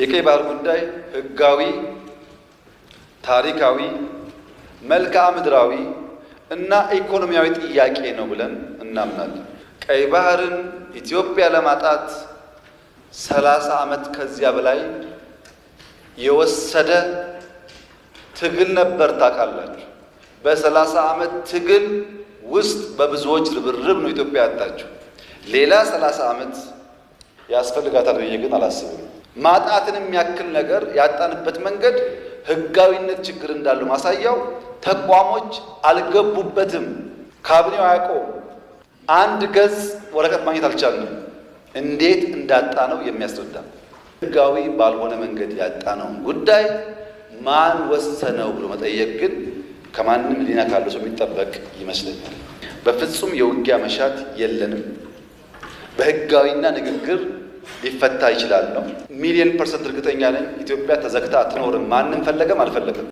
የቀይ ባህር ጉዳይ ህጋዊ፣ ታሪካዊ፣ መልክዓ ምድራዊ እና ኢኮኖሚያዊ ጥያቄ ነው ብለን እናምናለን። ቀይ ባህርን ኢትዮጵያ ለማጣት ሰላሳ ዓመት ከዚያ በላይ የወሰደ ትግል ነበር። ታውቃላችሁ። በሰላሳ ዓመት ትግል ውስጥ በብዙዎች ርብርብ ነው ኢትዮጵያ ያጣችው። ሌላ ሰላሳ ዓመት ያስፈልጋታል ብዬ ግን አላስብም። ማጣትን የሚያክል ነገር ያጣንበት መንገድ ህጋዊነት ችግር እንዳለው ማሳያው ተቋሞች አልገቡበትም። ካቢኔው አያውቀውም። አንድ ገጽ ወረቀት ማግኘት አልቻልንም። እንዴት እንዳጣ ነው የሚያስረዳ። ህጋዊ ባልሆነ መንገድ ያጣነውን ጉዳይ ማን ወሰነው ብሎ መጠየቅ ግን ከማንም ሊና ካለ ሰው የሚጠበቅ ይመስለኛል። በፍጹም የውጊያ መሻት የለንም። በህጋዊና ንግግር ሊፈታ ይችላል ነው። ሚሊየን ፐርሰንት እርግጠኛ ነኝ ኢትዮጵያ ተዘግታ አትኖርም። ማንም ፈለገም አልፈለገም